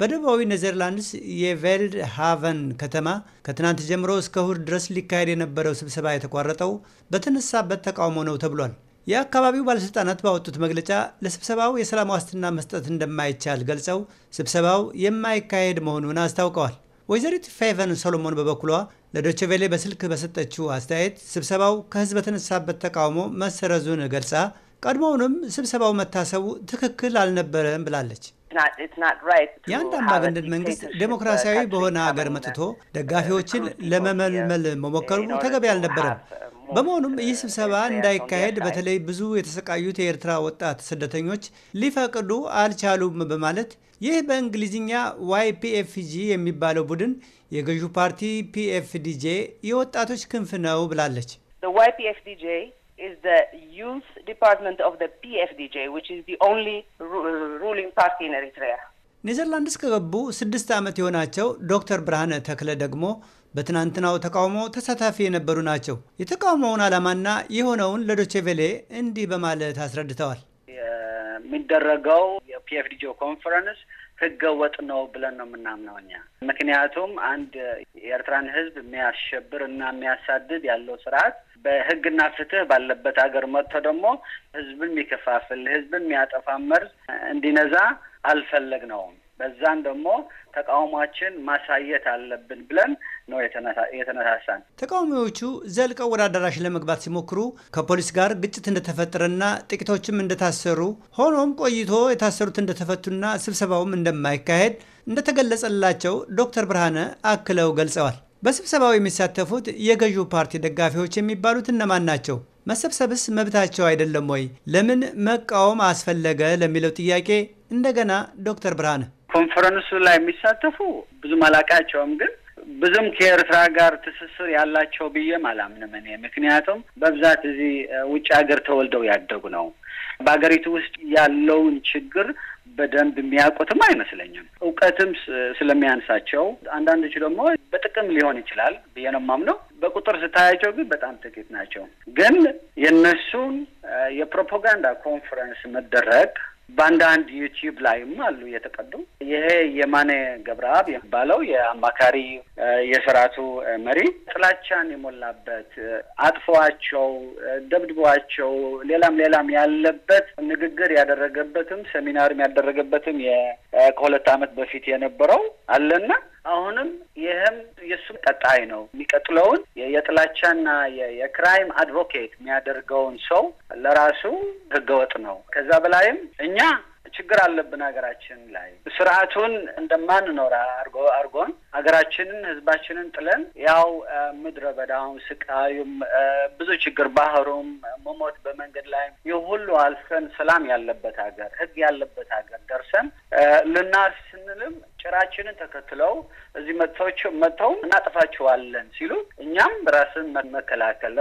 በደቡባዊ ኔዘርላንድስ የቬልድ ሃቨን ከተማ ከትናንት ጀምሮ እስከ እሁድ ድረስ ሊካሄድ የነበረው ስብሰባ የተቋረጠው በተነሳበት ተቃውሞ ነው ተብሏል። የአካባቢው ባለሥልጣናት ባወጡት መግለጫ ለስብሰባው የሰላም ዋስትና መስጠት እንደማይቻል ገልጸው ስብሰባው የማይካሄድ መሆኑን አስታውቀዋል። ወይዘሪት ፌቨን ሶሎሞን በበኩሏ ለዶችቬሌ በስልክ በሰጠችው አስተያየት ስብሰባው ከህዝብ በተነሳበት ተቃውሞ መሰረዙን ገልጻ ቀድሞውንም ስብሰባው መታሰቡ ትክክል አልነበረም ብላለች። የአንድ አምባገነን መንግስት ዴሞክራሲያዊ በሆነ ሀገር መጥቶ ደጋፊዎችን ለመመልመል መሞከሩ ተገቢ አልነበረም። uh, በመሆኑም uh, ይህ ስብሰባ እንዳይካሄድ በተለይ ብዙ የተሰቃዩት የኤርትራ ወጣት ስደተኞች ሊፈቅዱ አልቻሉም በማለት ይህ በእንግሊዝኛ ዋይ ፒኤፍጂ የሚባለው ቡድን የገዢው ፓርቲ ፒኤፍዲጄ የወጣቶች ክንፍ ነው ብላለች። is the youth department of the PFDJ, which is the only ruling party in Eritrea. ኔዘርላንድስ ከገቡ ስድስት ዓመት የሆናቸው ዶክተር ብርሃነ ተክለ ደግሞ በትናንትናው ተቃውሞ ተሳታፊ የነበሩ ናቸው። የተቃውሞውን ዓላማና የሆነውን ለዶቼቬሌ እንዲህ በማለት አስረድተዋል። የሚደረገው የፒኤፍዲጂ ኮንፈረንስ ህገ ወጥ ነው ብለን ነው የምናምነው እኛ። ምክንያቱም አንድ የኤርትራን ህዝብ የሚያሸብር እና የሚያሳድድ ያለው ስርዓት በህግና ፍትህ ባለበት ሀገር መጥቶ ደግሞ ህዝብን የሚከፋፍል ህዝብን የሚያጠፋ መርዝ እንዲነዛ አልፈለግ ነውም። በዛን ደግሞ ተቃውሟችን ማሳየት አለብን ብለን ነው የተነሳሳን። ተቃዋሚዎቹ ዘልቀው ወደ አዳራሽ ለመግባት ሲሞክሩ ከፖሊስ ጋር ግጭት እንደተፈጠረና ጥቂቶችም እንደታሰሩ፣ ሆኖም ቆይቶ የታሰሩት እንደተፈቱና ስብሰባውም እንደማይካሄድ እንደተገለጸላቸው ዶክተር ብርሃነ አክለው ገልጸዋል። በስብሰባው የሚሳተፉት የገዢው ፓርቲ ደጋፊዎች የሚባሉት እነማን ናቸው? መሰብሰብስ መብታቸው አይደለም ወይ? ለምን መቃወም አስፈለገ? ለሚለው ጥያቄ እንደገና ዶክተር ብርሃን ኮንፈረንሱ ላይ የሚሳተፉ ብዙም አላቃቸውም ግን ብዙም ከኤርትራ ጋር ትስስር ያላቸው ብዬም አላምንም እኔ። ምክንያቱም በብዛት እዚህ ውጭ ሀገር ተወልደው ያደጉ ነው። በሀገሪቱ ውስጥ ያለውን ችግር በደንብ የሚያውቁትም አይመስለኝም። እውቀትም ስለሚያንሳቸው አንዳንዶቹ ደግሞ በጥቅም ሊሆን ይችላል ብዬ ነው የማምነው። በቁጥር ስታያቸው ግን በጣም ጥቂት ናቸው። ግን የእነሱን የፕሮፓጋንዳ ኮንፈረንስ መደረግ በአንዳንድ ዩቲዩብ ላይም አሉ የተቀዱ። ይሄ የማነ ገብረአብ የሚባለው የአማካሪ የስርዓቱ መሪ ጥላቻን የሞላበት አጥፈዋቸው፣ ደብድበዋቸው፣ ሌላም ሌላም ያለበት ንግግር ያደረገበትም ሴሚናርም ያደረገበትም ከሁለት ዓመት በፊት የነበረው አለና አሁንም ይህም የእሱም ቀጣይ ነው። የሚቀጥለውን የጥላቻና የክራይም አድቮኬት የሚያደርገውን ሰው ለራሱ ህገወጥ ነው። ከዛ በላይም እኛ ችግር አለብን ሀገራችን ላይ ስርዓቱን እንደማንኖር አርጎ አርጎን ሀገራችንን ህዝባችንን ጥለን ያው ምድረ በዳውም ስቃዩም ብዙ ችግር ባህሩም መሞት በመንገድ ላይ ይህ ሁሉ አልፈን ሰላም ያለበት ሀገር ህግ ያለበት ሀገር ደርሰን ልናርስ ስንልም ጭራችንን ተከትለው እዚህ መጥተውም እናጥፋችኋለን ሲሉ እኛም ራስን መከላከል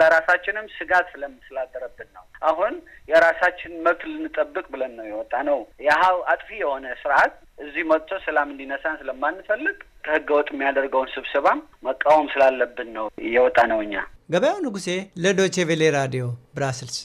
ለራሳችንም ስጋት ስለምስላደረብን ነው። አሁን የራሳችን መብት ልንጠብቅ ብለን ነው የወጣ ነው። ያሀው አጥፊ የሆነ ስርዓት እዚህ መጥቶ ሰላም እንዲነሳን ስለማንፈልግ ከህገ ወጥ የሚያደርገውን ስብሰባም መቃወም ስላለብን ነው የወጣ ነው። እኛ ገበያው ንጉሴ ለዶቼ ቬሌ ራዲዮ ብራስልስ